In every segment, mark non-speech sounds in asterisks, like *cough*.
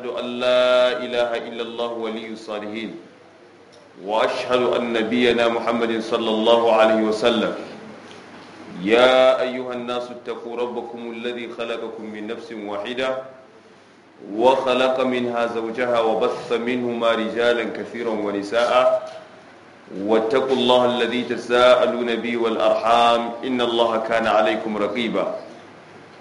أشهد أن لا إله إلا الله ولي الصالحين وأشهد أن نبينا محمد صلى الله عليه وسلم يا أيها الناس اتقوا ربكم الذي خلقكم من نفس واحدة وخلق منها زوجها وبث منهما رجالا كثيرا ونساء واتقوا الله الذي تساءلون به والأرحام إن الله كان عليكم رقيبا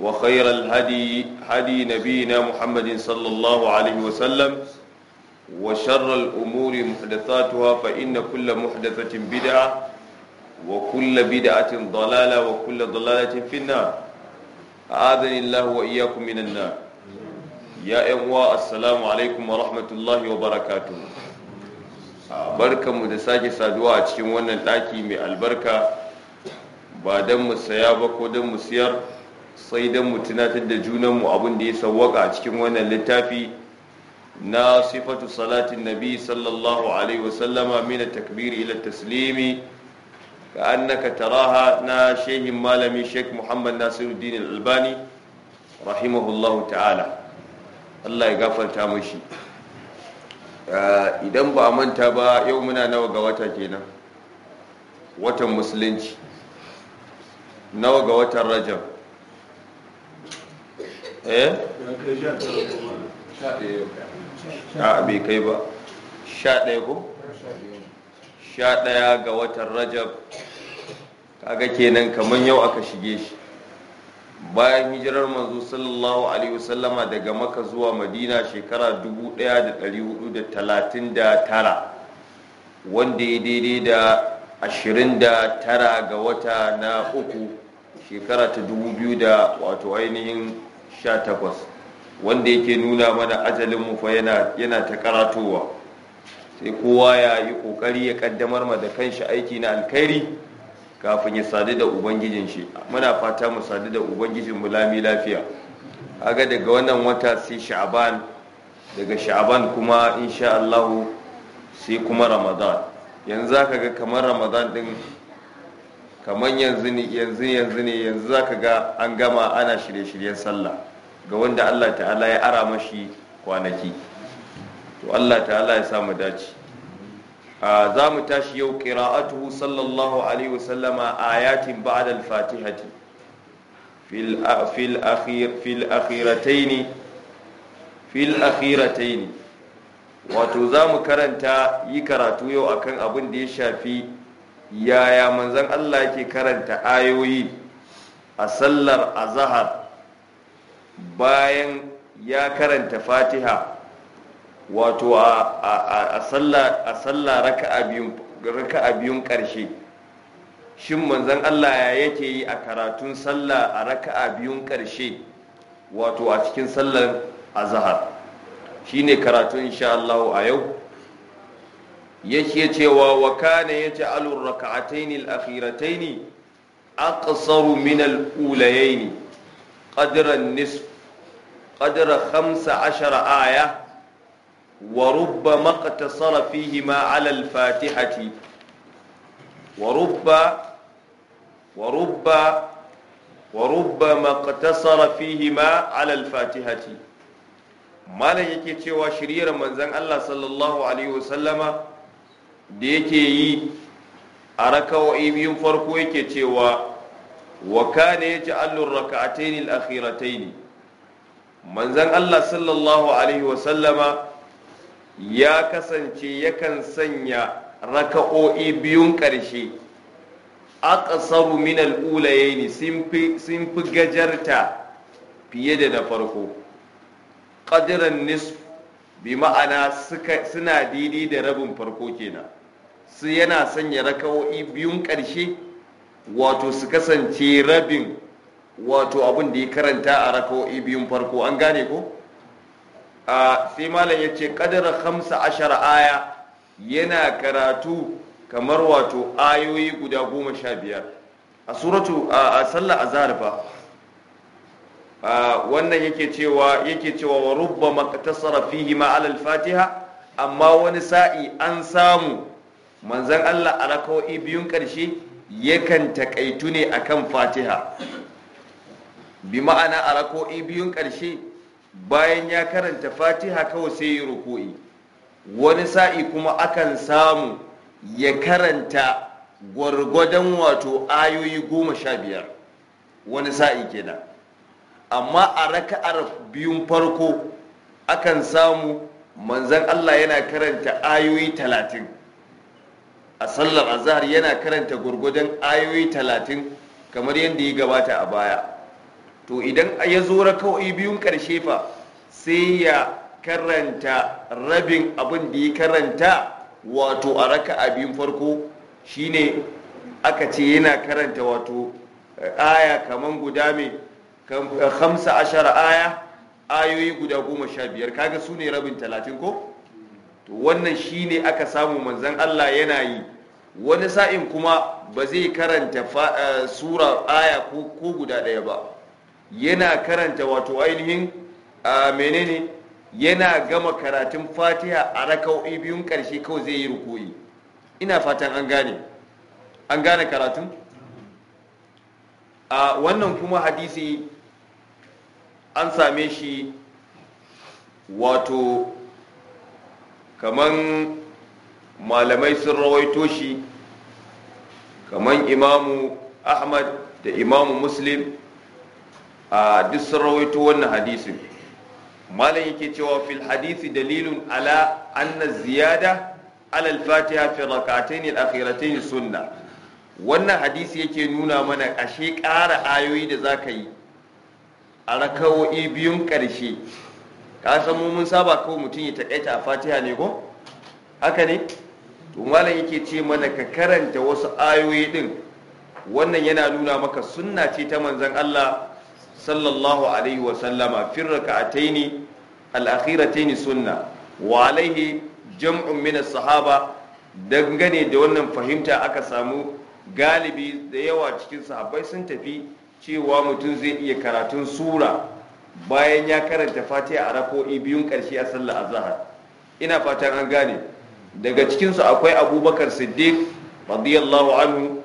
وخير الهدي هدي نبينا محمد صلى الله عليه وسلم وشر الأمور محدثاتها فإن كل محدثة بدعة وكل بدعة ضلالة وكل ضلالة في النار أعاذني الله وإياكم من النار يا إخوة السلام عليكم ورحمة الله وبركاته بركة مدساجة سادوة أتشمونا الآكي من البركة بعدم السيابة ودم السيار sai don mu tunatar da junanmu abin da ya sawwaka a cikin wannan littafi na sifatu salatin nabi sallallahu alaihi wasallama mina takbiri ila taslimi ka annaka taraha na shehin malami Sheik muhammad nasiruddin albani rahimahullahu ta'ala allah ya gafarta mashi ah, idan ba a manta ba yau muna nawa ga wata kenan watan musulunci nawa ga watan rajab eh kai ba sha ɗaya ko sha ɗaya ga watan rajab kaga kenan kamar yau aka shige shi bayan hijirar manzo sallallahu alaihi wasallama daga maka zuwa madina shekara 1439 wanda ya daidai da 29 ga wata na uku shekara ta 2000 wato ainihin takwas wanda yake nuna mana ajalinmu fa yana ta karatowa sai kowa ya yi ƙoƙari ya ƙaddamar ma da kanshi aiki na alkhairi kafin ya sadu da ubangijin shi muna fata mu sadu da ubangijin mu lami lafiya aga daga wannan wata sai sha'aban daga sha'ban kuma insha Allah sai kuma ramadan yanzu zaka ga kamar ramadan din kamar yanzu ne yanzu yanzu ne yanzu zaka ga an gama ana shirye-shiryen sallah ga wanda Allah ta'ala ya ara mashi kwanaki to Allah ta'ala ya samu dace za mu tashi yau qira'atuhu sallallahu alaihi wasallama ayatin ba'da al-fatihati fil fil akhir fil akhiratayn fil akhiratayn wato za mu karanta yi karatu yau akan abin da ya shafi yaya manzon Allah yake karanta ayoyi a sallar azhar bayan ya karanta fatiha wato a sallah raka'a biyun ƙarshe shin manzan allah ya yake yi a karatun sallah a raka'a biyun ƙarshe wato a cikin sallar azahar shine karatu insha Allah a yau yake cewa wa kana yaj'alu ar-rak'atayn al-akhiratayn aqsaru min al-ulayayn qadran nisf qadra 15 aya وربما اقتصر فيهما على الفاتحة ورب ورب وربما اقتصر فيهما على الفاتحة ما لن يكي تشوى شرير من زن الله صلى الله عليه وسلم ديكي أركو إيبيم فرقو يكي تشوى wa kana yaj'alu ar-rak'atayn al-akhiratayn manzon Allah sallallahu alaihi wa ya kasance yakan sanya raka'o'i biyun ƙarshe aqsaru min al-ulayni sun fi gajarta fiye da na farko qadran nisf ma'ana suna daidai da rabin farko kenan su yana sanya raka'o'i biyun ƙarshe wato su kasance rabin wato abin da ya karanta a rako biyun farko an gane ko a sai malam ya ce kadar hamsa ashara aya yana karatu kamar wato ayoyi guda goma sha biyar a suratu a sallah a fa wannan yake cewa yake cewa wa rubba maqtasara fihi ma alal fatiha amma wani sa'i an samu manzon Allah a raka'o'i biyun karshe yakan takaitu ne akan fatiha bi ma'ana a rako'i biyun ƙarshe bayan ya karanta fatiha kawai sai yi ruku'i wani sa'i kuma akan samu ya karanta gwargwadon wato ayoyi goma sha biyar wani sa'i kenan amma a raka'ar biyun farko akan samu manzan allah yana karanta ayoyi talatin a sallar azahar yana karanta gurgudun ayoyi talatin kamar yadda ya gabata a baya to idan ya zo raka'o'i biyun karshe fa sai ya karanta rabin abin da ya karanta wato a raka'a biyun farko shine aka ce yana karanta wato eh, aya kaman guda mai eh, hamsa ashara aya ayoyi guda goma sha biyar kaga su ne rabin talatin ko to wannan shine aka samu manzan allah yana yi wani sa'in kuma ba zai karanta eh, sura aya ko guda ɗaya ba yana karanta wato ainihin eh, menene yana gama karatun fatiha a raka'o'i biyun ƙarshe kawai zai yi rukuyi ina fatan an gane an gane karatun a wannan kuma hadisi an same shi wato kaman malamai sun rawaito shi kamar imamu ahmad da imamu muslim a duk sun rawaito wannan hadisin malam yake cewa fil hadisi dalilun ala anna ziyada ala al-fatiha fi rak'atayn al-akhiratayn sunna wannan hadisi yake nuna mana ashe ƙara ayoyi da zaka yi a rakawo'i biyun ƙarshe ka san mu mun saba kawai mutum ya taƙaita a fatiha ne ko haka ne to malam yake ce mana ka karanta wasu ayoyi din wannan yana nuna maka sunna ce ta manzon Allah sallallahu alaihi wa sallama firraka ataini al-akhirataini sunna wa alaihi jam'un min as-sahaba dangane da wannan fahimta aka samu galibi da yawa cikin sahabbai sun tafi cewa mutum zai iya karatun sura bayan ya karanta fatiha a rako'i biyun karshe a sallar azhar ina fatan an gane daga cikinsu akwai abubakar siddiq radiyallahu anhu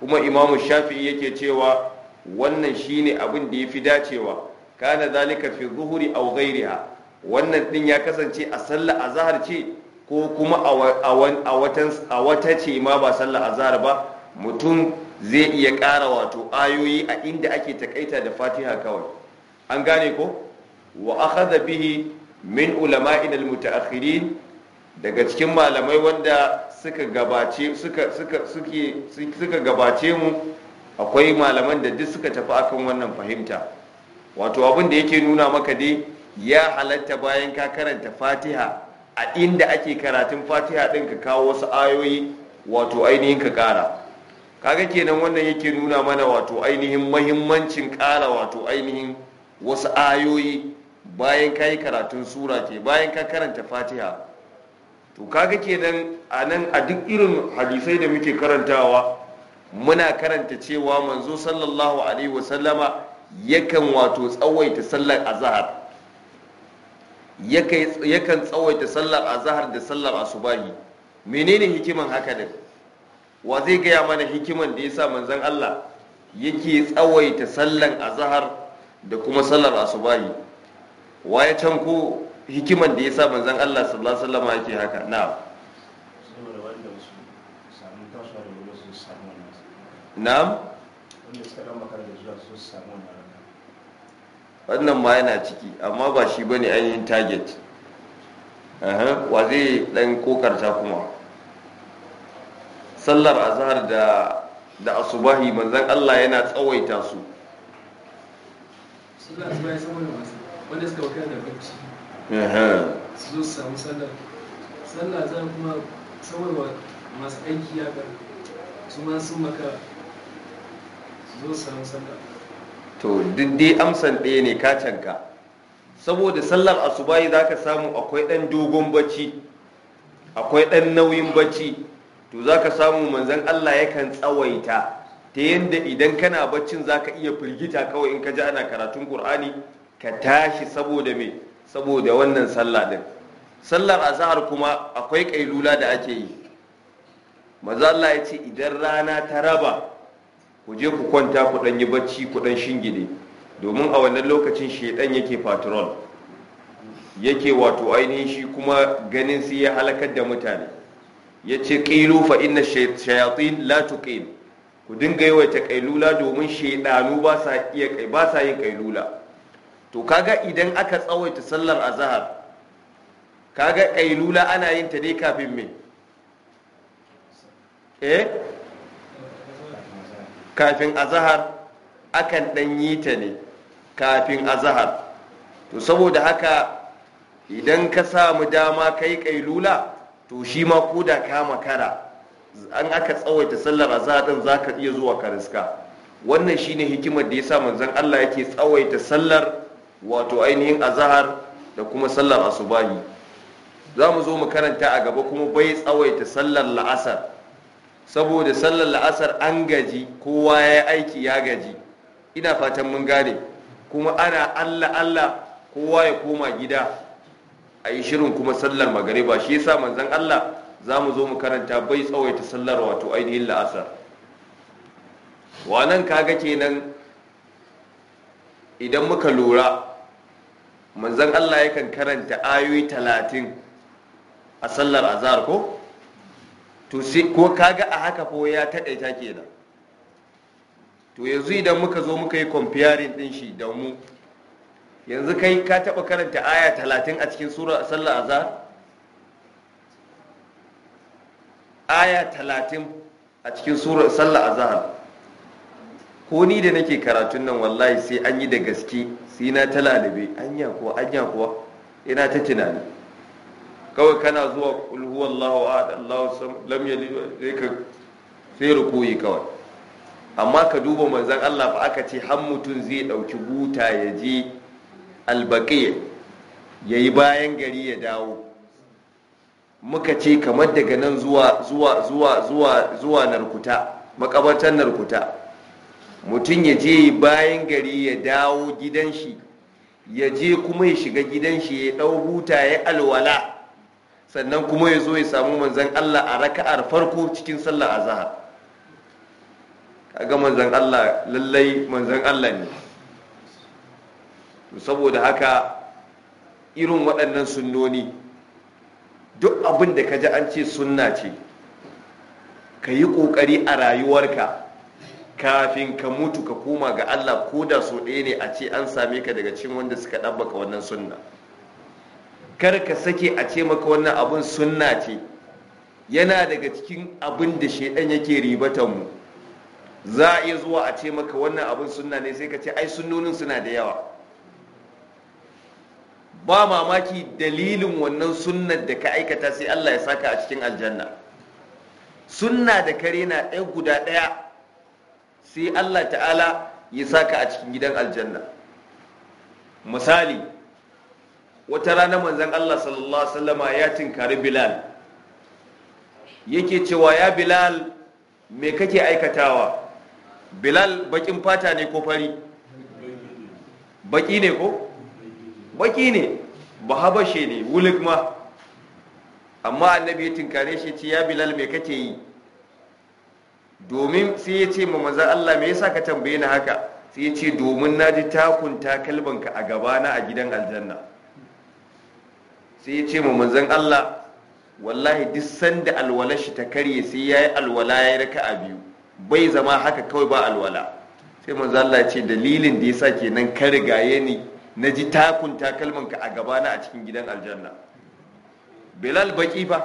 kuma imamu shafi'i yake cewa wannan shine abin da yafi dacewa kana zalika fi zuhuri aw ghayriha wannan din ya kasance a sallar azhar ce ko kuma a watan a wata ce ma ba sallar azhar ba mutum zai iya ƙara wato ayoyi a inda ake takaita da fatiha kawai an gane ko wa akhadha bihi min ulama'ina al-mutaakhirin daga cikin malamai wanda suka gabace suka suka suke suka gabace mu akwai malaman da duk suka tafi akan wannan fahimta wato abin da yake nuna maka dai ya halatta bayan ka karanta fatiha a inda ake karatun fatiha din ka kawo wasu ayoyi wato ainihin ka kara kaga kenan wannan yake nuna mana wato ainihin mahimmancin kara wato ainihin wasu ayoyi bayan ka yi karatun sura ke bayan ka karanta fatiha to kaga kenan a nan a duk irin hadisai da muke karantawa muna karanta cewa manzo sallallahu alaihi wasallama yakan wato tsawaita sallar azahar yakan tsawaita sallar azahar da sallar asubahi menene hikiman haka din wa zai gaya mana hikiman da yasa manzon Allah yake tsawaita sallar azahar da kuma sallar asubahi ya can ko hikiman da ya sa manzan Allah sallallahu alaihi wasallam yake haka na'am na'am wannan ma yana ciki amma ba shi bane ainihin target wa zai dan kokarta kuma sallar azhar da da asubahi manzan Allah yana tsawaita su sallar wanda suka da bacci su to duk dai amsan ɗaya ne ka saboda sallar asubahi za ka samu akwai ɗan dogon bacci akwai ɗan nauyin bacci to za ka samu manzan Allah yakan tsawaita ta yadda idan kana baccin za ka iya firgita kawai in ka ji ana karatun ƙur'ani ka tashi saboda me saboda wannan sallah din sallar azhar kuma akwai kailula da ake yi maza Allah ya ce idan rana ta raba ku je ku kwanta ku dan yi bacci ku dan shingide domin a wannan lokacin shedan yake patrol yake wato ainihin shi kuma ganin sai ya halakar da mutane ya ce ƙilu fa inna shayatin la tuqil ku dinga yawaita kailula domin shedanu ba sa ba sa yin kailula to kaga idan aka tsawaita sallar azahar kaga kailula ana yin ta dai kafin me eh kafin azahar akan dan yi ta ne kafin azahar to saboda haka idan ka samu dama kai kailula to shi ma koda ka makara an aka tsawaita sallar azahar din zaka iya zuwa ka riska wannan shine hikimar da yasa manzon Allah yake tsawaita sallar wato ainihin azahar da kuma sallar asubahi za mu zo mu karanta a gaba kuma bai tsawaita sallar la'asar saboda sallar la'asar an gaji kowa ya aiki ya gaji ina fatan mun gane kuma ana allah allah kowa ya koma gida a yi shirin kuma sallar magariba shi yasa manzan allah za mu zo mu karanta bai tsawaita sallar wato ainihin la'asar wa nan kaga kenan idan muka lura manzan Allah yakan karanta ayoyi talatin a sallar azhar ko to sai ko kaga a haka ko ya ke kenan to yanzu idan muka zo muka yi comparing din shi da mu yanzu kai ka taɓa karanta aya talatin a cikin sura sallar azhar aya talatin a cikin sura sallar azhar ko ni da nake karatun nan wallahi sai an yi da gaske sina ta lalube anya kuwa anya kuwa ina ta tunani kawai kana zuwa kulhuwan huwallahu ahad allahu sam lam yalid sai ka sai rukuyi kawai amma ka duba manzan Allah fa aka ce har mutum zai dauki buta ya je Ya yi bayan gari ya dawo muka ce kamar daga nan zuwa zuwa zuwa zuwa zuwa narkuta makabartar narkuta mutum ya je bayan gari ya dawo gidan shi ya je kuma ya shiga gidan shi ya ɗau huta ya alwala sannan kuma ya zo ya samu manzan Allah a raka'ar farko cikin sallar azahar kaga manzan Allah lallai manzan Allah ne saboda haka irin waɗannan sunnoni duk abin da ka ji an ce sunna ce ka yi ƙoƙari a rayuwarka kafin ka mutu ka koma ga Allah ko da so ɗaya ne a ce an same ka daga cikin wanda suka ɗabbaka wannan sunna kar ka sake a ce maka wannan abun sunna ce yana daga cikin abin da shaidan yake ribatan mu za a iya zuwa a ce maka wannan abin sunna ne sai ka ce ai sunnonin suna da yawa ba mamaki dalilin wannan sunnar da ka aikata sai Allah ya saka a cikin aljanna sunna da kare na ɗaya guda ɗaya sai Allah ta'ala ya saka a cikin gidan aljanna misali wata rana manzan Allah sallallahu alaihi ya tinkari Bilal yake cewa ya Bilal me kake aikatawa Bilal bakin fata ne ko fari baki ne ko baki ne ba habashe ne wulik ma amma annabi ya tinkare shi ce ya Bilal me kake yi domin sai ya ce ma manzan Allah me yasa ka tambaye ni haka sai ya ce domin na ji takun takalmanka a gabana a gidan aljanna sai ya ce ma manzan Allah wallahi duk sanda alwala shi ta karye sai ya yi alwala ya raka a biyu bai zama haka kawai ba alwala sai manzan Allah ce dalilin da ya sa kenan ka rigaye ni na ji takun takalmanka a gabana a cikin gidan aljanna bilal baki ba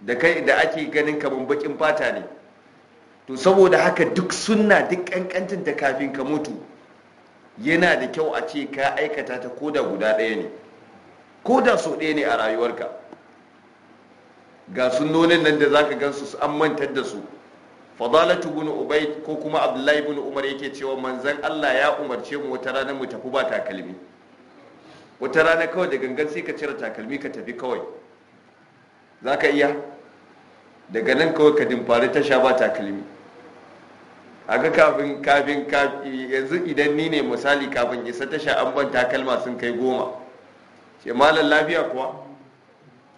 da kai da ake ganin kamar bakin fata ne to saboda haka duk sunna duk kankancin ta kafin ka mutu yana da kyau a ce ka aikata ta koda guda ɗaya ne koda so ɗaya ne a rayuwarka ga sunnonin nan da zaka gansu su an mantar da su fadalatu bin Ubaid ko kuma abdullahi bin umar yake cewa manzon Allah ya umarce mu wata rana mu tafi ba takalmi wata rana kawai da gangan sai ka cire takalmi ka tafi kawai zaka iya daga nan kawai ka dimfari tasha ba takalmi ga kafin kafin yanzu idan ni ne misali kafin isa tasha an ban takalma sun kai goma ce malar lafiya kuwa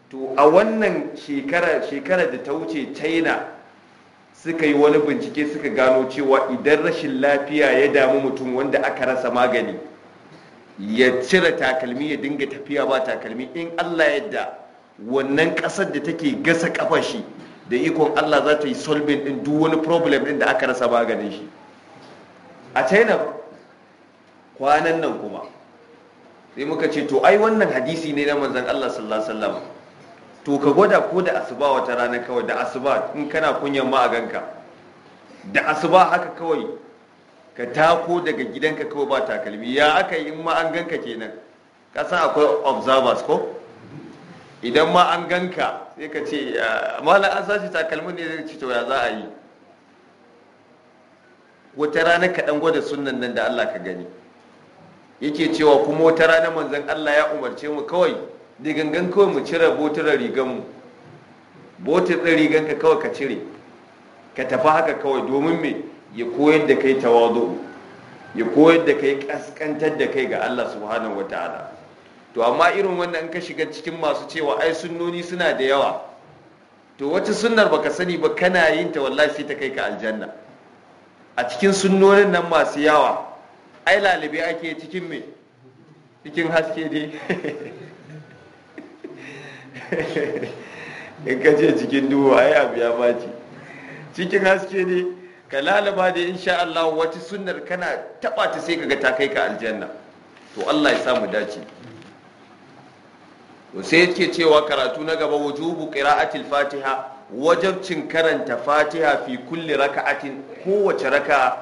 to a wannan shekara da ta wuce china suka yi wani bincike suka gano cewa idan rashin lafiya ya damu mutum wanda aka rasa magani ya cire takalmi ya dinga tafiya ba takalmi in allah yadda wannan kasar da take gasa kafashi da ikon Allah za ta yi solving din duk wani problem din da aka rasa maganin shi a china kwanan nan kuma sai muka ce to ai wannan hadisi ne na manzon Allah sallallahu alaihi wasallam to ka gwada ko da asuba wata rana kawai da asuba in kana kunyan ma a ganka da asuba haka kawai ka tako daga gidanka kawai ba takalmi ya aka yi in ma an ganka kenan ka san akwai observers ko idan ma an ganka sai ka ce malam an sashi takalmin ne zai ci to ya za a yi wata rana ka gwada sunan nan da Allah ka gani yake cewa kuma wata rana manzon Allah ya umarce mu kawai da gangan kawai mu cire botar rigan mu botar rigan ka kawai ka cire ka tafi haka kawai domin me ya koyar da kai tawazu ya koyar da kai kaskantar da kai ga Allah subhanahu wataala to amma irin wannan in ka shiga cikin masu cewa ai sunnoni suna da yawa to wata sunnar baka sani ba kana yin ta wallahi sai ta kai ka aljanna a cikin sunnonin nan masu yawa ai lalibe ake cikin me cikin haske dai *laughs* in ka ce cikin duhu ai abu ya baci cikin haske ne ka lalaba da insha Allah wata sunnar kana taba ta sai kaga ta kai ka aljanna to Allah ya samu dace to sai yake cewa karatu na gaba wujubu qira'atil fatiha wajabcin karanta fatiha fi kulli raka'atin kowace raka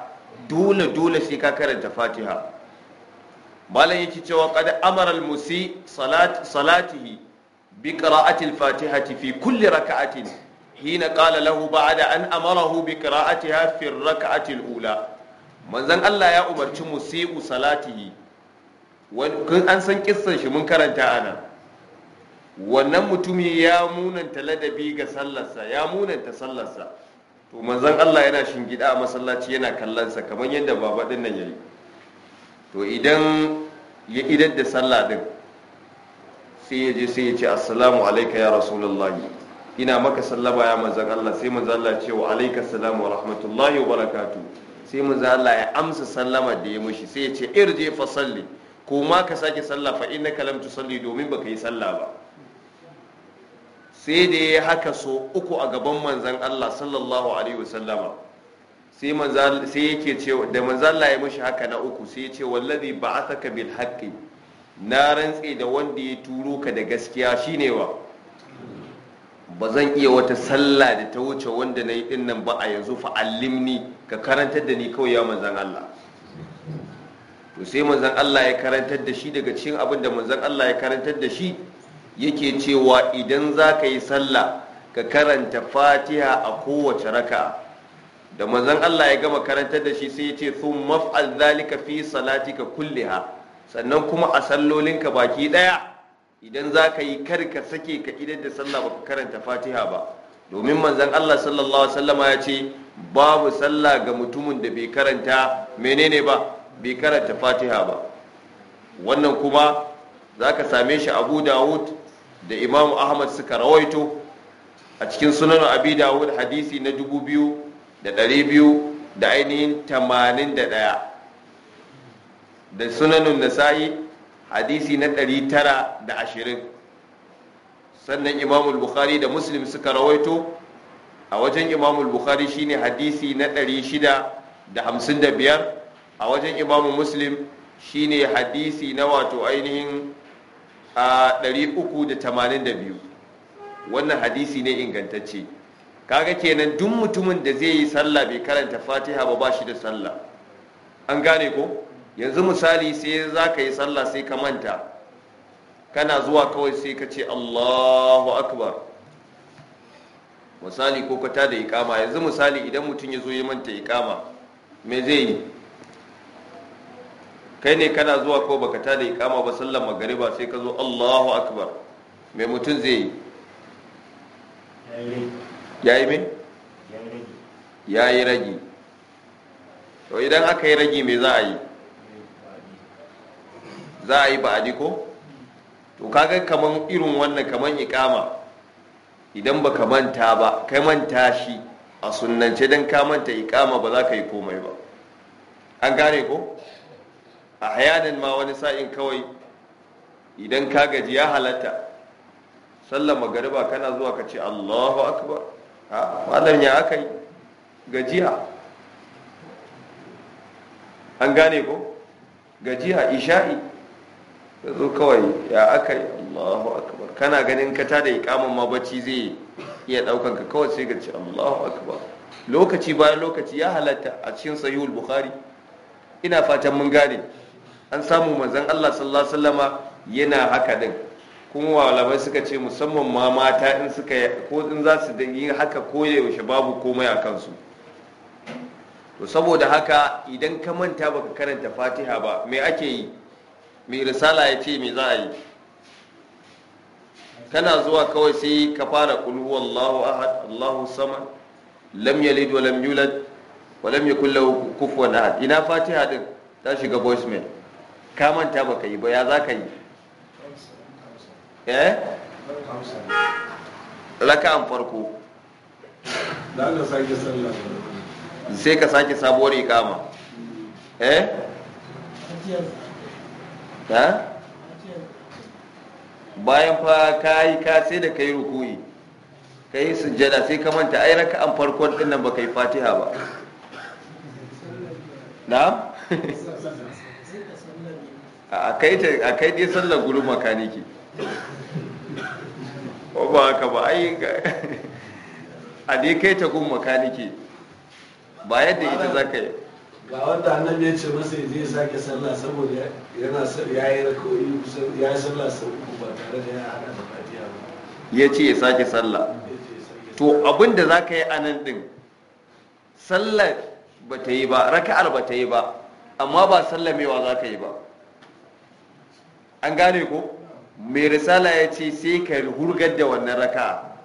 dole dole sai ka karanta fatiha malam yake cewa qad amara al musi salat salatihi bi qira'atil fatihati fi kulli raka'atin hina qala lahu ba'da an amarahu bi qira'atiha fi raka'atil ula manzon Allah ya umarci musi'u salatihi wani an san kissan shi mun karanta anan wannan mutumi ya munanta ladabi ga sallarsa ya munanta sallarsa to manzon Allah yana shingida a masallaci yana kallonsa kamar yadda baba din nan yayi to idan ya idar da sallah din sai ya je sai ya ce assalamu alayka ya rasulullahi ina maka sallama ya manzon Allah sai manzon Allah ce wa alayka assalamu wa rahmatullahi wa barakatuh sai manzon Allah ya amsa sallama da ya mishi sai ya ce irje fa salli ko ma ka sake sallah fa innaka lam tusalli domin baka yi sallah ba sai da ya haka so uku a gaban manzan Allah sallallahu alaihi wasallama sai yake ce da manzan Allah ya mashi haka na uku sai ya ce wallazi ba'athaka bil haqqi na rantse da wanda ya turo ka da gaskiya shine wa ba zan iya wata sallah da ta wuce wanda na yi dinnan ba a yanzu fa allimni ka karantar da ni kawai ya manzan Allah to sai manzan Allah ya karantar da shi daga cikin abin da manzan Allah ya karantar da shi yake cewa idan za ka yi sallah ka karanta fatiha a kowace raka da manzan Allah ya gama karantar da shi sai ya ce sun maf'al zalika fi salatika kulliha sannan kuma a sallolinka baki daya idan za ka yi kar ka sake ka idan da sallah baka karanta fatiha ba domin manzon Allah sallallahu alaihi ya ce babu sallah ga mutumin da bai karanta menene ba bai karanta fatiha ba wannan kuma za ka same shi abu dawud da imam ahmad suka rawaito a cikin sunan abi dawud hadisi na dubu biyu da dari biyu da ainihin tamanin da daya, da nasa'i hadisi na ɗari tara da ashirin sannan imam bukhari da muslim suka rawaito a wajen imam bukhari shine hadisi na ɗari shida da hamsin da biyar a wajen imam muslim shine hadisi na wato ainihin a 382 wannan hadisi ne ingantacce kaga kenan duk mutumin da zai yi sallah bai karanta fatiha ba ba shi da sallah an gane ko yanzu misali sai za ka yi sallah sai ka manta kana zuwa kawai sai ka ce allahu akbar misali ko ka tada ikama yanzu misali idan mutum ya zo ya manta ikama me zai yi kai ne kana zuwa ko baka ta da ikama ba sallar magariba sai ka zo Allahu akbar mai mutum zai yi yayi ya yi ragi to idan aka yi ragi mai za a yi za a yi ba'adi ko to kaga kaman irin wannan kaman ikama idan baka manta ba kai manta shi a sunnance dan ka manta ikama ba za ka yi komai ba an gane ko a hayanin ma wani sa'in kawai idan ka gaji ya halatta sallar magariba kana zuwa ka ce allahu akbar a malam ya aka yi gajiya an gane ko gajiya isha'i ka zo kawai ya aka yi allahu akbar kana ganin ka tada ikamun ma bacci zai iya daukan ka kawai sai ga ce allahu akbar lokaci bayan lokaci ya halatta a cikin sahihul bukhari ina fatan mun gane an samu mazan Allah sallallahu alaihi yana haka din kuma malamai suka ce musamman ma mata in suka ko in za su yi haka koyaushe babu komai a kansu to saboda haka idan ka manta baka karanta fatiha ba me ake yi mai risala ya ce me za a yi kana zuwa kawai sai ka fara kulhu Allahu ahad Allahu samad lam yalid wa lam yulad wa lam yakul lahu kufuwan ahad ina fatiha din ta shiga voicemail ka manta ba ka yi ba ya za ka yi eh an farko sai ka sake sabuwar ikama eh ta bayan fa ka yi ka sai da kai rukuyi ka yi sujjada sai ka manta ai an farko din nan ka yi fatiha ba na *laughs* a kai dai sallar guru makaniki ko ba haka ba ai a dai kai ta gun makaniki ba yadda ita za ka yi ga wanda annan ya ce masa zai sake sallah saboda yana ya yi rikoyi ya yi sallah sau ba tare da ya hada da fatiha ba ya ce ya sake sallah to abin da za ka yi a nan ɗin sallar ba ta yi ba raka'ar ba ta yi ba amma ba sallamewa za ka yi ba an gane ko mai risala ya ce sai ka hurgar da wannan raka'a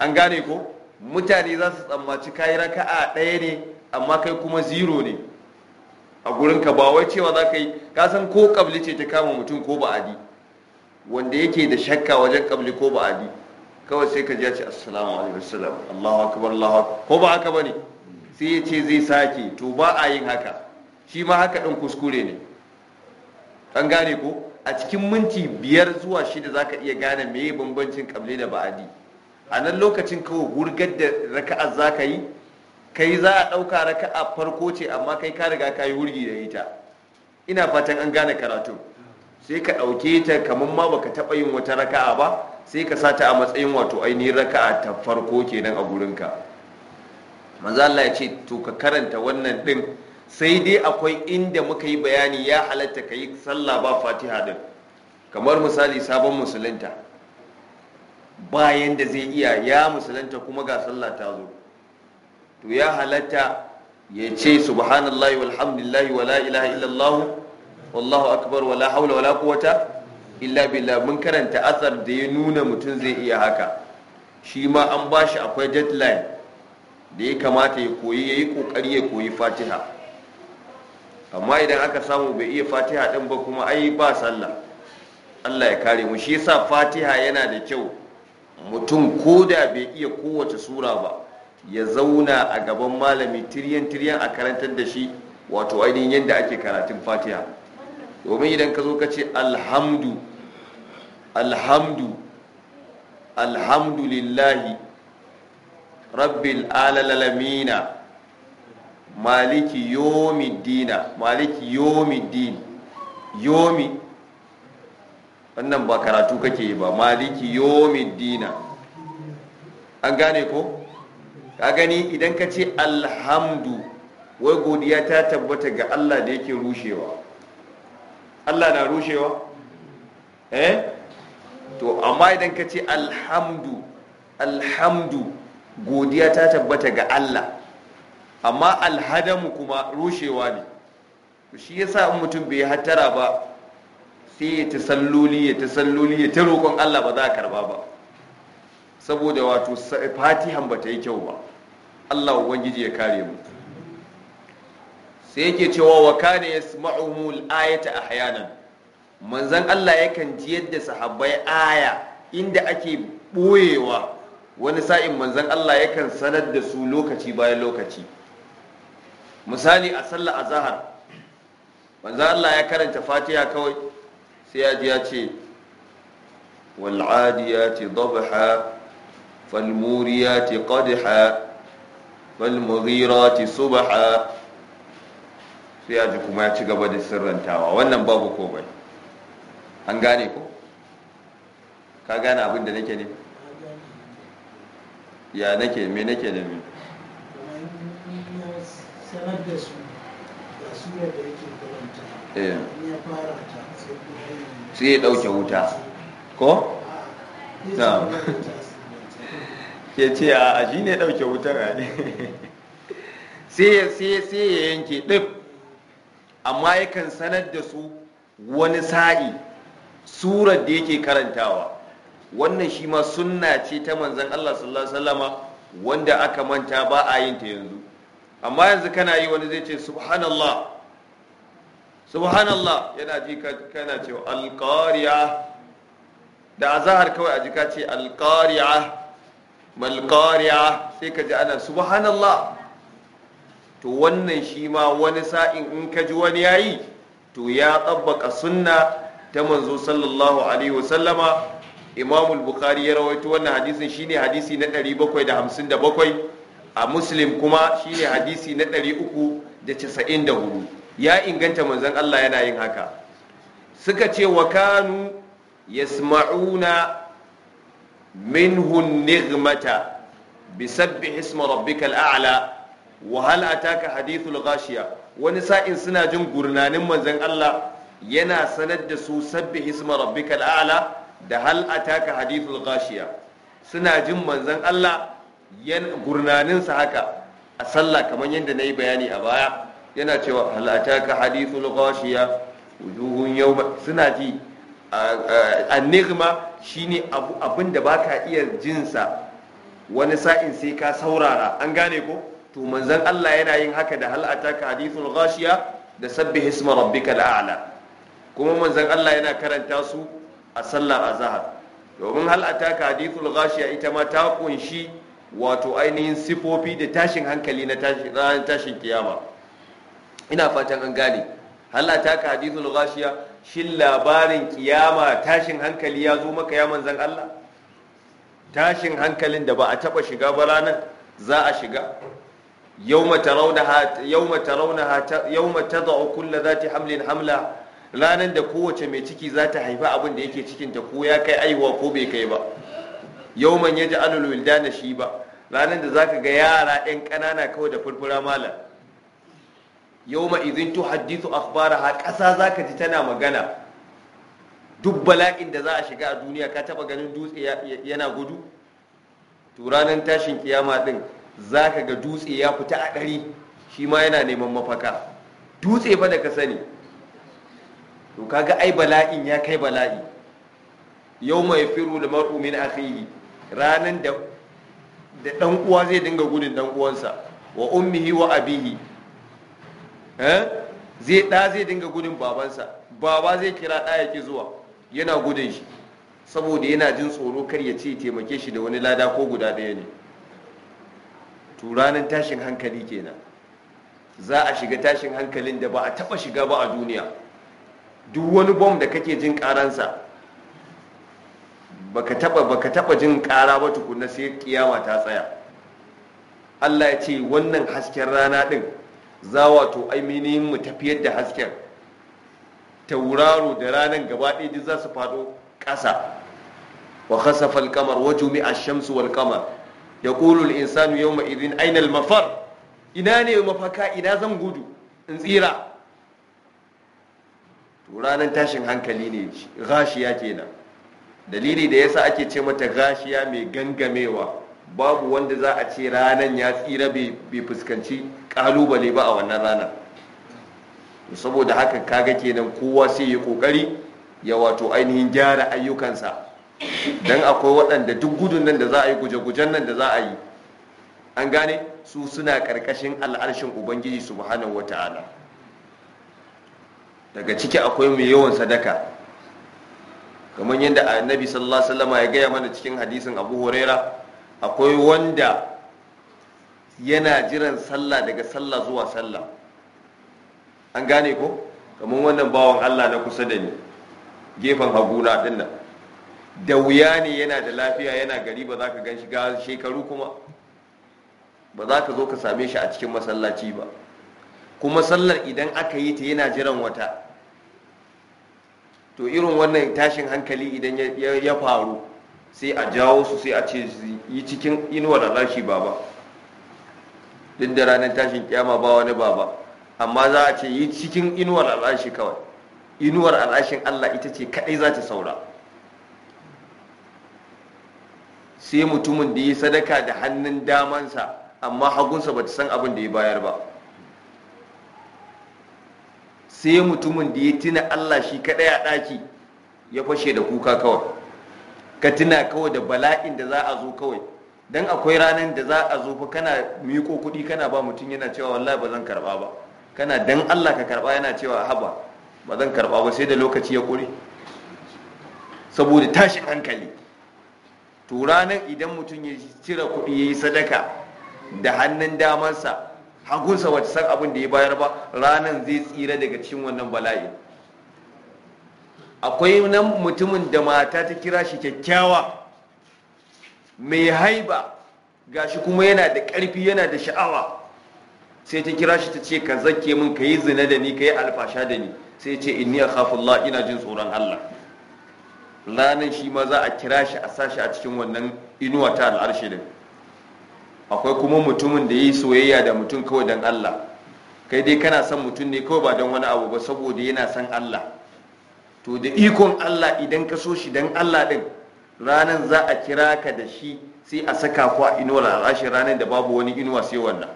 an gane ko mutane za su tsammaci kayi raka'a ɗaya ne amma kai kuma zero ne a gurinka ba wai cewa za ka yi kasan ko kabli ce ta kama mutum ko ba'adi wanda yake da shakka wajen kabli ko ba'adi kawai sai ka ji ya ce assalamu alaikum wasallam allahu akbar allahu akbar ko ba haka bane sai ya ce zai sake to ba a yin haka shi ma haka ɗan kuskure ne an gane ko a cikin minti biyar zuwa shida za ka iya gane meye bambancin kabli da ba'adi a nan lokacin kawai gurgar da raka'a za ka yi kai za a ɗauka raka'a farko ce amma kai ka riga ka yi wurgi da ita ina fatan an gane karatu sai ka ɗauke ta kamar ma baka taɓa yin wata raka'a ba sai ka sata a matsayin wato ainihin raka'a ta farko kenan a gurinka manzo Allah ya ce to ka karanta wannan din sai dai akwai inda muka yi bayani ya halatta ka yi sallah ba fatiha din kamar misali sabon musulunta bayan da zai iya ya musulunta kuma ga sallah ta zo to ya halatta ya ce subhanallahi walhamdulillahi wala ilaha illallah wallahu akbar wala haula wala quwwata illa billah mun karanta asar da ya nuna mutum zai iya haka shi ma an bashi akwai deadline da ya kamata ya koyi yayi kokari ya koyi fatiha amma idan aka samu bai iya fatiha din ba kuma ai ba sallah Allah ya kare mu shi yasa fatiha yana da kyau mutum ko da bai iya kowace sura ba ya zauna a gaban malami tiryan tiryan a karantar da shi wato ainihin yadda ake karatun fatiha domin idan ka zo ka ce alhamdu alhamdu alhamdulillahi rabbil alalamina maliki yomi dina maliki yomi dini yomi wannan ba karatu kake yi ba maliki yomi dina an gane ko ka gani idan ka ce alhamdu wai godiya ta tabbata ga allah da yake rushewa allah na rushewa eh to amma idan ka ce alhamdu alhamdu godiya ta tabbata ga allah amma alhadamu kuma rushewa ne shi yasa in mutum bai hattara ba sai ya ta salloli ya ta salloli ya ta roƙon Allah ba za a karba ba saboda wato fatihan ba ta yi kyau ba Allah ubangiji ya kare mu sai yake cewa wa kana yasma'uhu al-ayata ahyanan manzon Allah yakan ji yadda sahabbai aya inda ake ɓoyewa wani sa'in manzon Allah yakan sanar da su lokaci bayan lokaci misali a sallar azahar manzo Allah ya karanta fatiha kawai sai ya ji ya ce wal adiyati dabha fal muriyati qadha fal mughirati subha sai ya ji kuma ya ci gaba da sirrantawa wannan babu bai an gane ko ka gane abin da nake ne ya nake me nake da me sanar da su ga surar da yake eh. ya fara ta sai ya dauke wuta ko ah, na ke *laughs* ce a shi ne dauke wutar a ne *laughs* sai ya yanke ɗif amma yakan sanar da su wani sa'i surar da yake karantawa wannan shi ma sunna ce ta manzan Allah sallallahu alaihi wasallama wanda aka manta ba a yin ta yanzu amma yanzu kana yi wani zai ce subhanallah subhanallah yana ji kana cewa alƙariya da azahar kawai a jika ce alƙariya malƙariya sai ka ji ana subhanallah to wannan shi ma wani sa'in in ka ji wani yayi to ya tsabbaka sunna ta manzo sallallahu alaihi wasallama imamul bukhari ya rawaito wannan hadisin shine hadisi na 757 a muslim kuma shine hadisi na 394 ya inganta manzon Allah yana yin haka suka ce wa kanu yasma'una minhu nighmata bisabbi isma rabbikal a'la wa hal ataka hadithul ghashiya wani sa'in suna jin gurnanin manzon Allah yana sanar da su sabbi isma rabbikal a'la da hal ataka hadithul ghashiya suna jin manzon Allah gurnaninsa haka a sallah kamar yadda na yi bayani a baya yana cewa halata ka hadithul gashiya wujuhun yau suna ji shi ne abin da baka iya jinsa wani sa'in sai ka saurara an gane ko to manzan Allah yana yin haka da halata ka hadithul gashiya da sabbi hisma rabbika al'ala kuma manzon Allah yana karanta su a sallah sallar zahar domin halata ka hadithul gashiya ita ma ta kunshi wato ainihin sifofi da tashin hankali na tashin kiyama ina fatan an gane Allah ta ka hadithul ghashiya shin labarin kiyama tashin hankali ya zo maka ya manzan Allah tashin hankalin da ba a taba shiga ba ranar za a shiga yawma tarawnaha yawma tarawnaha yawma tad'u kullu zati hamlin hamla ranar da kowace mai ciki za ta haifa abin da yake cikin ta ko ya kai aiwa ko bai kai ba yawman ya ji alul na shi ba ranar da zaka ga yara yan ƙanana kawai da furfura malam yawma haddisu tuhaddithu ha ƙasa zaka ji tana magana duk bala'in da za a shiga a duniya ka taba ganin dutse yana gudu to ranar tashin kiyama din zaka ga dutse ya fita a ɗari shi ma yana neman mafaka dutse fa da ka sani to kaga ai bala'in ya kai bala'i yau mai firu da mar'u min ranan da da dan uwa zai dinga gudun dan uwansa wa ummihi wa abihi eh zai da zai dinga gudun babansa baba zai kira da yake zuwa yana gudun shi saboda yana jin tsoro kar ya ce taimake shi da wani lada ko guda daya ne to ranan tashin hankali kenan za a shiga tashin hankalin da ba a taba shiga ba a duniya duk wani bom da kake jin karansa baka taba baka taba jin kara ba tukunna sai kiyama ta tsaya Allah ya ce wannan hasken rana din za wato ainihin mu tafiyar da hasken tauraro da ranan gaba ɗaya duk za su faɗo ƙasa wa khasafa al-qamar wa jumi'a ash-shamsu wal-qamar yaqulu al-insanu yawma idhin ayna al-mafar ina ne mafaka ina zan gudu in tsira to ranan tashin hankali ne ya kenan dalili da yasa ake ce mata gashiya mai gangamewa babu wanda za a ce ranan ya tsira bai fuskanci kalubale ba a wannan ranar saboda haka kaga kenan kowa sai ya kokari ya wato ainihin gyara ayyukansa don akwai waɗanda duk gudun nan da za a yi guje-gujen nan da za a yi an gane su suna ƙarƙashin al'arshin ubangiji subhanahu wata'ala daga ciki akwai mai yawan sadaka kamar yadda annabi sallallahu alaihi wasallam ya gaya mana cikin hadisin abu huraira akwai wanda yana jiran sallah daga sallah zuwa sallah an gane ko kamar wannan bawan allah na kusa da ni gefen haguna dinna da wuya ne yana da lafiya yana gari ba za ka gan shi ga shekaru kuma ba za ka zo ka same shi a cikin masallaci ba kuma sallar idan aka yi ta yana jiran wata to irin wannan tashin hankali idan ya faru sai a jawo su sai a ce yi cikin inuwar alashi baba duk da ranar tashin kyama ba wani baba amma za a ce yi cikin inuwar alashi kawai inuwar alashin allah ita ce kadai za ta saura sai mutumin da yi sadaka da hannun damansa amma hagunsa ba ta san abin da ya bayar ba sai mutumin da ya tuna Allah shi kaɗai a ɗaki ya fashe da kuka kawai ka tuna kawai da bala'in da za a zo kawai don akwai ranar da za a zo fa kana miƙo kuɗi kana ba mutum yana cewa wallahi ba zan karɓa ba kana dan Allah ka karɓa yana cewa haba ba zan karɓa ba sai da lokaci ya ƙure saboda tashin hankali to ranar idan mutum ya cire kuɗi ya yi sadaka da hannun damansa hagunsa wata san abin da ya bayar ba ranar zai tsira daga cikin wannan bala'i akwai nan mutumin da mata ta kira shi kyakkyawa mai haiba gashi kuma yana da ƙarfi yana da sha'awa sai ta kira shi ta ce ka zake min ka yi zina da ni ka yi alfasha da ni sai ce inni a Allah ina jin tsoron Allah ranar shi ma za a kira shi a sashi a cikin wannan inuwa ta al'arshe ni akwai kuma mutumin da yi soyayya da mutum kawai don Allah kai dai kana son mutum ne kawai ba don wani abu ba saboda yana son Allah to da ikon Allah idan ka so shi don Allah din ranar za a kira ka da shi sai a saka ku a inuwar rashin ranar da babu wani inuwa sai wannan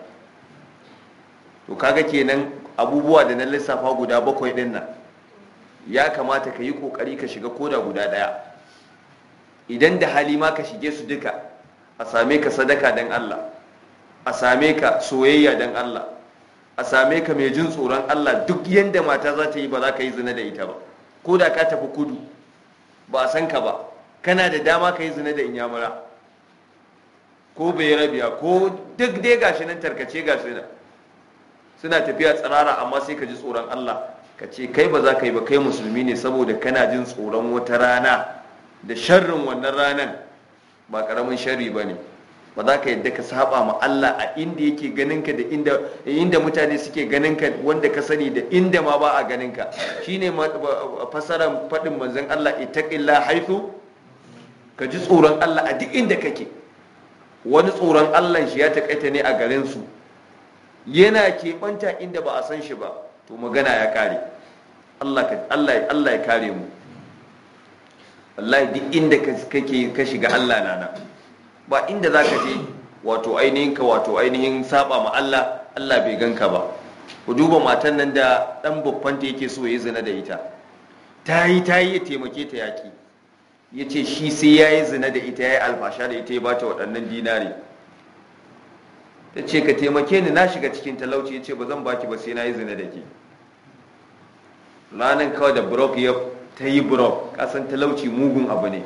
to kaga kenan abubuwa da na lissafa guda bakwai din nan ya kamata ka yi kokari ka shiga koda guda daya idan da hali ma ka shige su duka a same ka sadaka don Allah a same ka soyayya don Allah a same ka mai jin tsoron Allah duk yadda mata za ta yi ba za ka yi zina da ita ba ko da ka tafi kudu ba a san ka ba kana da dama ka yi zina da inyamura ko bai rabiya ko duk dai gashi nan tarkace gashi nan suna tafiya tsirara amma sai ka ji tsoron Allah ka ce kai ba za ka yi ba kai musulmi ne saboda kana jin tsoron wata rana da sharrin wannan ranar ba karamin shari ba ne ba za ka yadda ka saba ma Allah a inda yake ganinka da inda inda mutane suke ganinka wanda ka sani da inda ma ba a ganinka shine fasaran fadin manzon Allah illa haythu ka ji tsoron Allah a duk inda kake wani tsoron Allah shi ya takaita ne a garin su yana keɓanta inda ba a san shi ba to magana ya kare Allah ya kare mu wallahi duk inda kake ka shiga Allah na nan ba inda za ka je wato ainihin ka wato ainihin saba ma Allah Allah bai ganka ba ku duba matan nan da dan babban ta yake so ya zina da ita ta yi ta yi taimake ta yaki ya ce shi sai ya yi zina da ita ya yi alfasha da ita ya ba ta waɗannan dinari ta ce ka taimake ni na shiga cikin talauci ya ce ba zan baki ba sai na yi zina da ke ranar kawai da brok ta yi burau kasan talauci mugun abu ne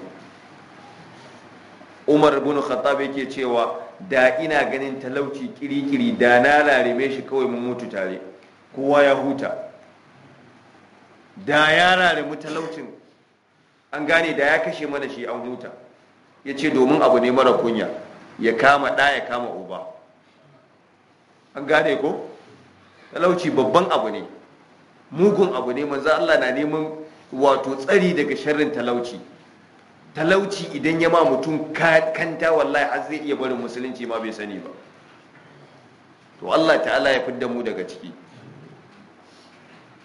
umar bin khattab yake cewa da ina ganin talauci kirikiri da na larime shi kawai mun mutu tare kowa ya huta da ya larimi talaucin an gane da ya kashe mana shi an huta ya ce domin abu ne mara kunya ya kama ɗa ya kama uba an gane ko talauci babban abu ne mugun abu ne manzo Allah na neman wato tsari daga sharrin talauci talauci idan ya ma mutum kanta wallahi har zai iya barin musulunci ma bai sani ba to Allah ta'ala ya fidda mu daga ciki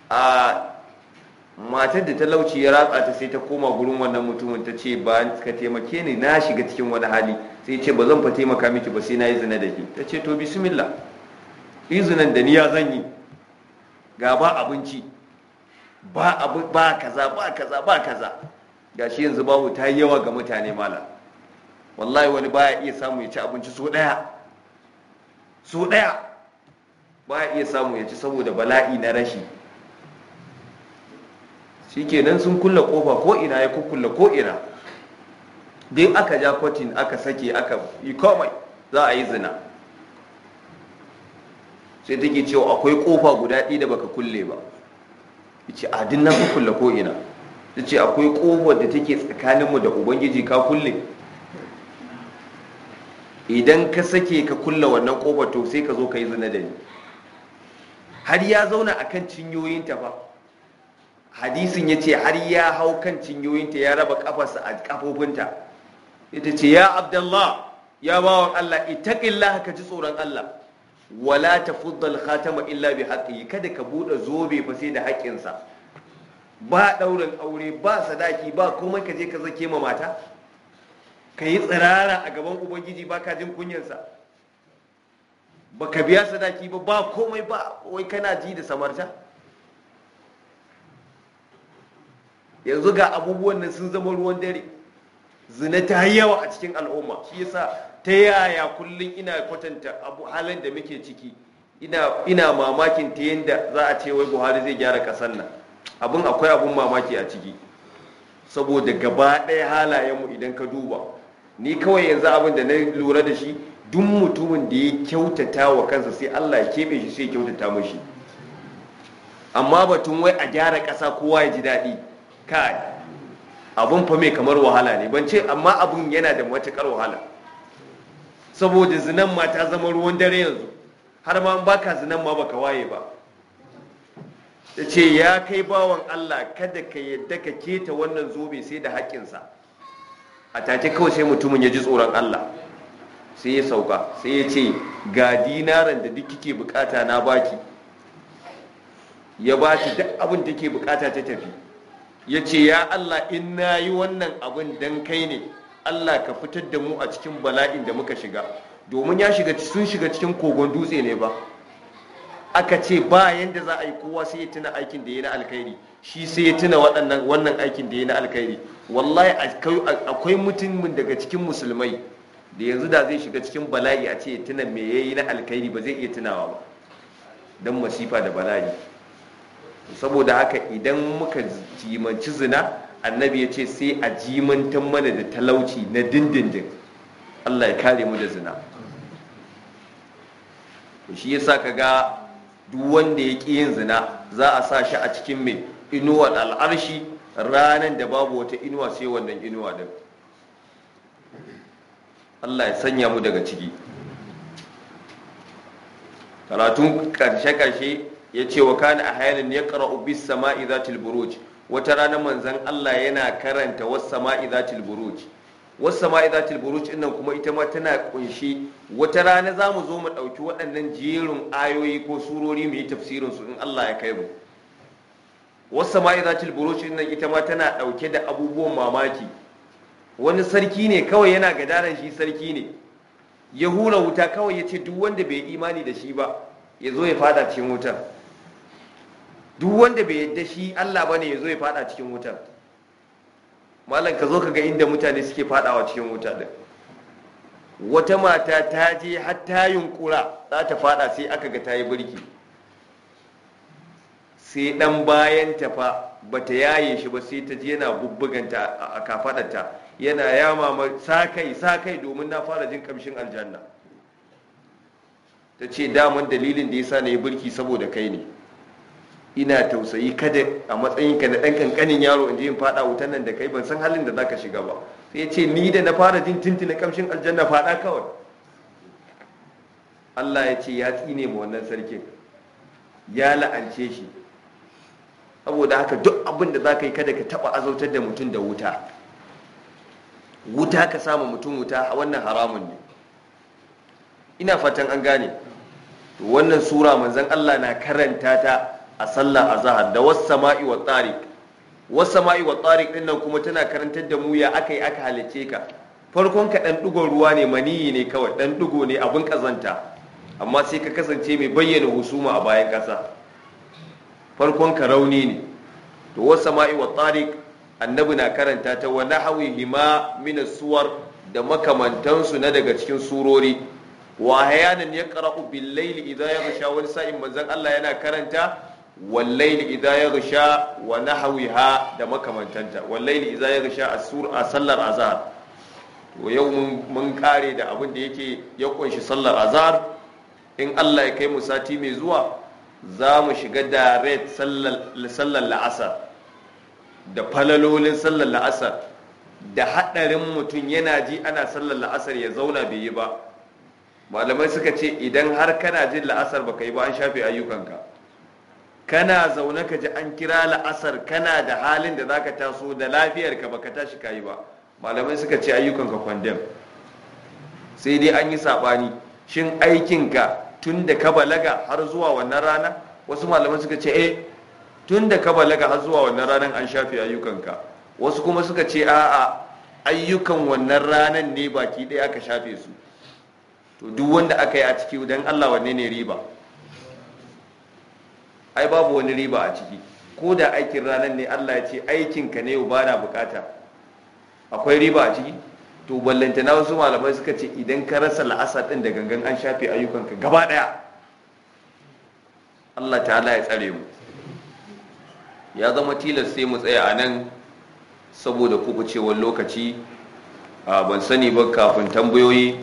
a matar da talauci ya ratsa ta sai ta koma gurin wannan mutumin ta ce ba ka taimake ni na shiga cikin wani hali sai ce ba zan fa taimaka miki ba sai na yi zina da ke, ta ce to bismillah izinan da ni ya zan yi ga ba abinci ba abu ba kaza ba kaza ba kaza gashi yanzu babu ta yi yawa ga mutane mala wallahi wani baya iya samu ya ci abinci su daya su daya baya iya samu ya ci saboda bala'i na rashi shikenan sun kulla kofa ko ina ya kukkulla ko ina dai aka ja kwatin aka sake aka yi komai za a yi zina sai take cewa akwai kofa guda ɗi da baka kulle ba yace a ah, din na kulle ko ina yace akwai kofar da take tsakaninmu da ubangiji ka kulle idan ka sake ka kulle wannan kofar to sai ka zo ka yi zina da ni har ya zauna a akan cinyoyinta fa hadisin ce, har ya hau kan cinyoyinta ya raba kafarsa a kafofinta ita ce ya abdallah ya bawa Allah ittaqillah ka ji tsoron Allah wala ta fuddal khatama illa bi haqqi kada ka bude zobe fa sai da sa ba daurin aure ba sadaki ba komai ka je ka zake ma mata ka yi tsirara a gaban ubangiji ba ka jin sa ba ka biya sadaki ba ba komai ba wai kana ji da samarta yanzu ga abubuwan nan sun zama ruwan dare zina ta yawa a cikin al'umma shi yasa ta yaya kullum ina kwatanta abu halin da muke ciki ina mamakin ta yadda za a ce wai buhari zai gyara kasar nan abin akwai abin mamaki a ciki saboda gaba ɗaya halayenmu idan ka duba ni kawai yanzu abin da na lura da shi duk mutumin da ya kyautata wa kansa sai allah ya keɓe shi sai kyautata mashi amma batun wai a gyara ƙasa kowa ya ji daɗi kai abin fa mai kamar wahala ne ban ce amma abin yana da matuƙar wahala saboda zinan ma ta zama ruwan dare yanzu har ma ba ka zinan ma baka waye ba ta ce ya kai bawan Allah kada ka yadda ka keta wannan zobe sai da haƙƙinsa a take kawai sai mutumin ya ji tsoron Allah sai ya sauka sai ya ce ga dinaran da duk kike bukata na baki ya ba ta duk abin da ke bukata ta tafi ya ce ya Allah in na yi wannan abin don kai ne Allah ka fitar da mu a cikin bala'in da muka shiga domin ya shiga sun shiga cikin kogon dutse ne ba aka ce ba yanda za a yi kowa sai ya tuna aikin da ya na alkhairi shi sai ya tuna wannan aikin da ya na alkhairi wallahi akwai mutumin daga cikin musulmai da yanzu da zai shiga cikin bala'i a ce ya tuna me ya yi na alkhairi ba zai iya tunawa ba don masifa da bala'i saboda haka idan muka jimanci zina annabi ya ce sai a jimantan mana da talauci na dindindin Allah ya kare mu da zina shi yasa ka ga duk wanda ya ƙi yin zina za a sa shi a cikin mai inuwar al'arshi ranar da babu wata inuwa sai wannan inuwa din Allah ya sanya mu daga ciki karatun karshe-karshe ya ce wa kana a hayanin ya ƙara bis sama'i zatil buruji wata rana manzan Allah yana karanta wasu sama'i wassama'i wasu sama'i za ta buruci, nan kuma ita ma tana kunshi wata rana za mu zo mu ɗauki waɗannan jerin ayoyi ko surori mu yi tafsirin su in Allah ya kai mu za ta buruci, nan ita ma tana ɗauke da abubuwan mamaki wani sarki ne kawai yana gadaran shi sarki ne ya hura wuta kawai ya ce duk wanda bai imani da shi ba ya zo ya fada cikin wutar duk wanda bai yadda shi Allah bane ya zo ya fada cikin wutar malam ka zo ka ga inda mutane suke fadawa cikin wuta din wata mata ta je har ta yunkura za ta fada sai aka ga ta yi birki sai dan bayan ta fa bata yaye shi ba sai ta je yana bubbuganta a kafadarta yana yama sakai sakai domin na fara jin kamshin aljanna ta ce daman dalilin da ya sa na yi birki saboda kai ne ina tausayi kada a ka na ɗan kankanin yaro in je in faɗa wutan nan da kai ban san halin da zaka shiga ba sai ya ce ni da na fara jin tintina kamshin aljanna faɗa kawai Allah ya ce ya tsine ma wannan sarkin ya la'ance shi saboda haka duk abin da zaka yi kada ka taba azautar da mutum da wuta wuta ka samu mutum wuta a wannan haramun ne ina fatan an gane to wannan sura manzon Allah na karanta ta a sallah a zahar da wasu sama'i wa tsari. Wasu sama'i wa tsari din kuma tana karantar da mu ya yi aka halice ka farkon ka dan dugon ruwa ne maniyi ne kawai dan dugo ne abin kazanta amma sai ka kasance mai bayyana husuma a bayan ƙasa. farkon ka rauni ne to wasu sama'i wa tsari annabi na karanta ta wa nahawi hima min suwar da makamantansu na daga cikin surori wa hayanan ya qara'u bil layli idza yaghsha wani sa'in manzon Allah yana karanta wallaili idza yaghsha wa nahwiha da makamantanta wallaili idza yaghsha asur a sallar azhar to yau mun kare da abin da yake ya kunshi sallar azhar in Allah ya kai mu sati mai zuwa za mu shiga direct sallar la'asar da falalolin sallar la'asar da haɗarin mutum yana ji ana sallar la'asar ya zauna bai yi ba malamai suka ce idan har kana jin la'asar baka yi ba an shafe ayyukanka kana zaune ka ji an kira la'asar kana da halin da zaka taso da lafiyarka baka tashi kayi ba malamai suka ce ayyukanka kwandem sai dai an yi sabani shin aikinka tun da ka balaga har zuwa wannan rana wasu malamai suka ce eh tun da ka balaga har zuwa wannan rana an shafe ayyukanka wasu kuma suka ce a'a ayyukan wannan ranan ne baki ɗaya aka shafe su to duk wanda aka yi a ciki don allah wanne ne riba ai babu wani riba a ciki ko da aikin ranar ne Allah ya ce aikinka ne ba na bukata akwai riba a ciki to ballanta na wasu malamai suka ce idan ka rasa la'asa ɗin da gangan an shafe ayyukanka gaba ɗaya Allah ta ya tsare mu ya zama tilas sai mu tsaya a nan saboda kubucewar lokaci ban sani ba kafin tambayoyi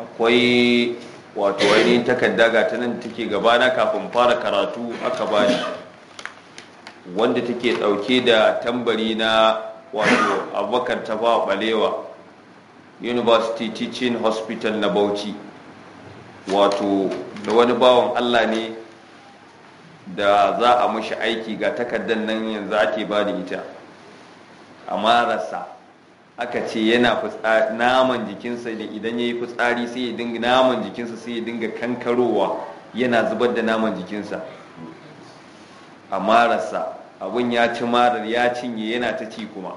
akwai wato wani takarda ga ta nan take gabana kafin fara karatu aka ba wanda take ɗauke da tambari na wato abubakar tafa balewa university teaching hospital na bauchi wato da wani bawan allah ne da za a mashi aiki ga takardar nan yanzu ake ba da ita a marasa aka ce yana naman jikinsa idan ya yi fitsari sai ya dinga naman jikinsa sai ya dinga kankarowa yana zubar da naman jikinsa a mararsa abin ya ci marar ya cinye yana ta ci kuma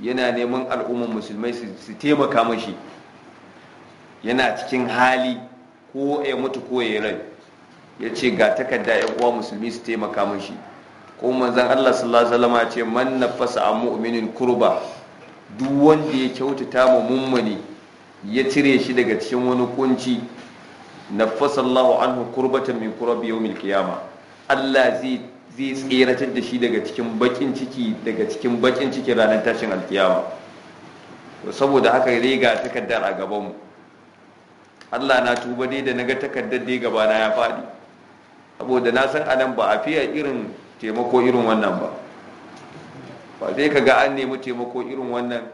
yana neman al'umman musulmai su taimaka mashi yana cikin hali ko ya mutu ko ya rai ya ce ga takarda ya uwa musulmi su taimaka mashi ko manzan Allah sallallahu alaihi ce man nafasa a mu'minin kurba duk wanda ya kyautata mu mummuni ya cire shi daga cikin wani kunci na nafasallahu anhu kurbatan min kurabi yawmil qiyama Allah zai zai tseratar da shi daga cikin bakin ciki daga cikin bakin ciki ranar tashin alkiyama saboda haka riga takaddar a gabanmu Allah na tuba dai da naga takaddar dai gabana ya faɗi saboda na san anan ba a fiye irin taimako irin wannan ba ba zai ka ga an nemi taimako irin wannan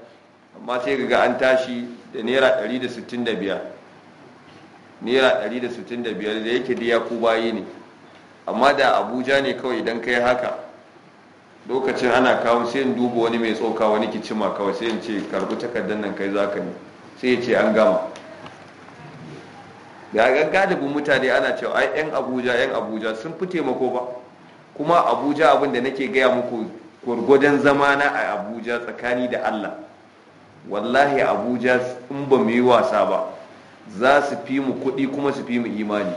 amma sai kaga an tashi da naira 165 naira 165 da yake da ya ku bayi ne amma da abuja ne kawai idan ka yi haka lokacin ana kawo sai in duba wani mai tsoka wani kicima kawai sai in ce karbi takardar nan kai ka ne sai ce an gama da ga galibin mutane ana cewa ai yan abuja yan abuja sun fi taimako ba kuma abuja abin da nake gaya muku gwargwadon na a abuja tsakani da allah wallahi abuja in ba mu yi wasa ba za su fi mu kuɗi kuma su fi mu imani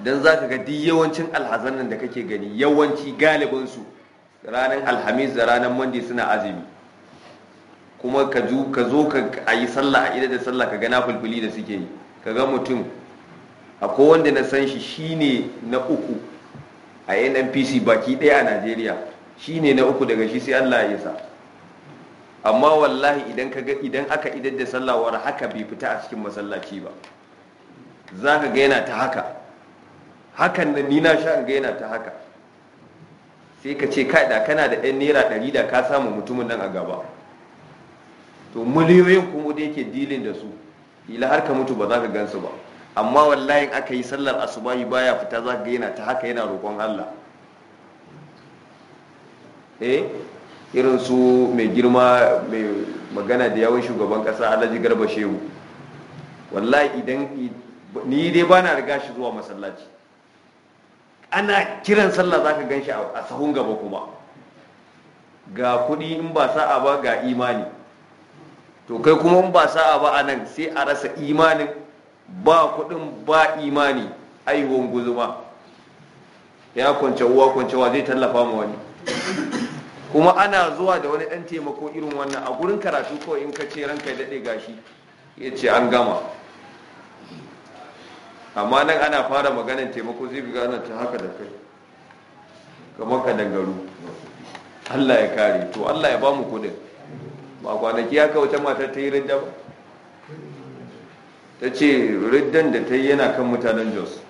don za ka ga duk yawancin alhazanin da kake gani yawanci galibinsu ranar alhamis da ranar mandi suna azumi kuma ka zo ka yi sallah a ida da sallah ka ga na fulfuli da suke yi ka ga mutum akwai wanda na san shi shine na uku a nnpc baki ɗaya a najeriya Shi ne na uku daga shi sai Allah ya sa. amma wallahi idan kaga idan aka idar da sallawar haka bai fita a cikin masallaci ba za ka ga yana ta haka hakan na, ni sha ga yana ta haka sai ka ce kai da kana da ɗan naira ɗari da ka samu mutumin nan a gaba to miliyoyin kuma da yake dilin da su ila har ka mutu ba za ka gansu ba amma wallahi aka yi sallar asubahi baya fita za ka ga yana ta haka yana roƙon Allah eh irin su mai girma mai magana da yawon shugaban kasa alhaji garba shehu wallahi idan ni dai ba na riga shi zuwa masallaci ana kiran sallah zaka gan shi a sahun gaba kuma ga kuɗi in ba sa'a ba ga imani to kai kuma in ba sa'a ba a nan sai a rasa imanin ba kuɗin ba imani aiwon guzuma ya kwance uwa kwancewa zai tallafa ma wani kuma ana zuwa da wani ɗan taimako irin wannan a gurin karatu ko in ka ce ranka daɗe gashi ya ce an gama amma nan ana fara maganin taimako zai bi gane ta haka da kai Kama ka dangaru allah ya kare to allah ya ba mu kudin ba kwanaki ya wata matar ta yi ridda ba ta ce riddan da ta yi yana kan mutanen jos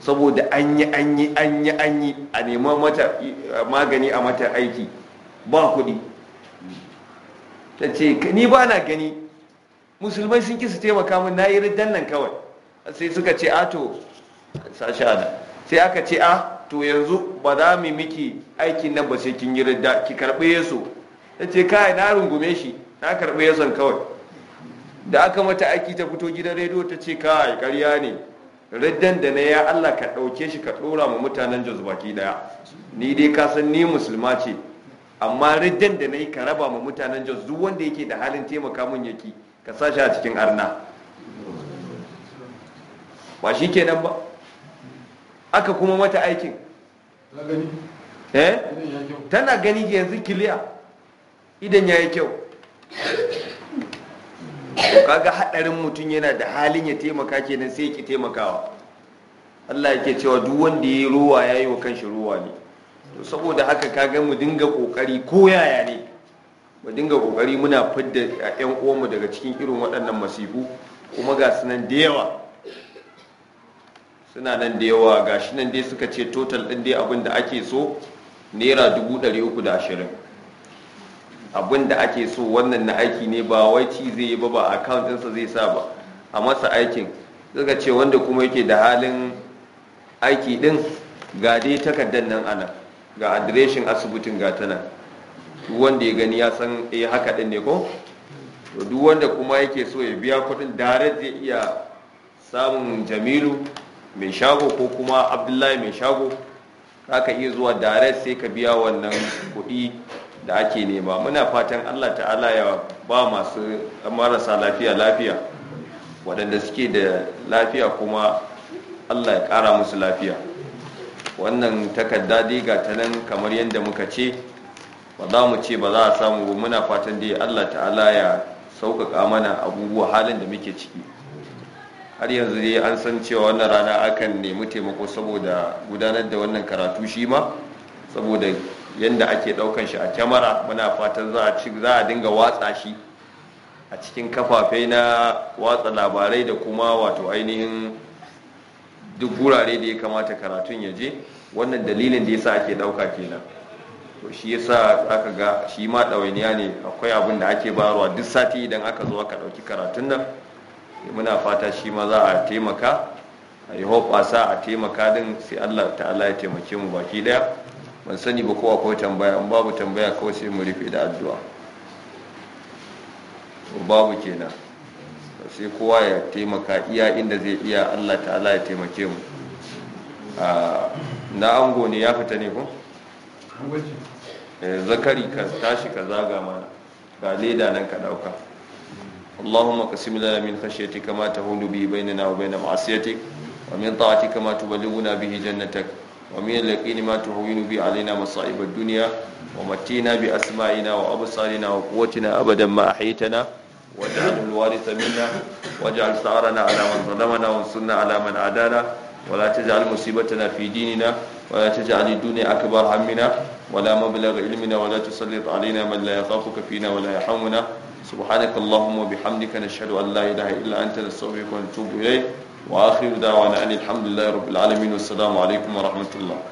saboda an yi an yi an yi an yi a neman mata magani a mata aiki ba kuɗi ta ce ni ba na gani musulmai sun kisa taimaka min na yi riddan nan kawai sai suka ce a to sashi ana sai aka ce a to yanzu ba za mu miki aikin nan ba sai kin yi ridda ki karɓi yesu ta ce kai na rungume shi na karɓi yesu kawai da aka mata aiki ta fito gidan rediyo ta ce kai karya ne riddan da na ya Allah ka ɗauke shi ka ɗora ma mutanen ki ɗaya ni dai ka san ni musulma ce amma riddan da na yi ka raba ma mutanen jos duk wanda yake da halin taimaka mun yaki ka sa shi a cikin arna ba shi ke nan ba aka kuma mata aikin tana gani yanzu eh? kiliya idan ya yi kyau kaga hadarin mutum yana da halin ya taimaka kenan sai ki taimakawa Allah yake cewa duk wanda ya yi ruwa ya yi wa kanshi ruwa ne to saboda haka ka ga mu dinga kokari ko yaya ne mu dinga kokari muna fidda yan uwanmu daga cikin irin waɗannan masifu kuma ga sunan da yawa suna nan da yawa ga shi nan dai suka ce total ɗin dai abin da ake so naira 320 abin da ake so wannan na aiki ne ba wai ci zai yi ba ba account ɗinsa zai sa ba a masa aikin suka ce wanda kuma yake da halin aiki ɗin ga dai takardar nan a nan. ga adireshin asibitin ga tana duk wanda ya gani ya san eh haka din ne ko to duk wanda kuma yake so ya biya kudin direct zai iya samun Jamilu mai shago ko kuma Abdullahi mai shago ka iya zuwa direct sai ka biya wannan kudi da ake nema muna fatan Allah ta'ala ya ba masu marasa lafiya lafiya waɗanda suke da lafiya kuma Allah ya ƙara musu lafiya wannan takarda dai ga ta nan kamar yadda muka ce ba za mu ce ba za a samu muna fatan dai Allah ta'ala ya sauƙaƙa mana abubuwa halin da muke ciki har yanzu dai an san cewa wannan rana akan nemi taimako saboda gudanar da wannan karatu shi ma saboda yadda ake ɗaukan shi a kyamara muna fatan za a dinga watsa shi a cikin kafafe na watsa labarai da kuma wato ainihin duk wurare da ya kamata karatun ya je wannan dalilin da ya yasa ake dauka kenan to shi ya yasa aka ga shi ma ɗawainiya ne akwai abin da ake barwa duk sati idan aka zo aka ɗauki karatun nan muna fata shi ma za a taimaka a yi sa a taimaka din sai allah ta'ala ya taimake mu baki ɗaya ban sani ba ko akwai tambaya in babu tambaya kawai sai mu rufe da addu'a babu kenan sai kowa ya taimaka iya inda zai iya Allah ta'ala ya taimake mu na ango ne ya fita ne kun? Eh, zakari ka tashi ka zaga mana ga leda nan ka dauka Allahumma qasim lana min khashyatika ma tahulu bi bainana wa bain ma'asiyatik wa min ta'atika ma tubalighuna bihi jannatak wa min al-yaqin ma tuhwinu bi alaina masa'ib ad-dunya wa matina bi asma'ina wa absarina wa quwwatina abadan ma na. واجعل الوارث منا واجعل ثارنا على من ظلمنا وانصرنا على من عادانا ولا تجعل مصيبتنا في ديننا ولا تجعل الدنيا أكبر همنا ولا مبلغ علمنا ولا تسلط علينا من لا يخافك فينا ولا يرحمنا سبحانك اللهم وبحمدك نشهد أن لا إله إلا أنت نستغفرك ونتوب إليك وآخر دعوانا أن الحمد لله رب العالمين والسلام عليكم ورحمة الله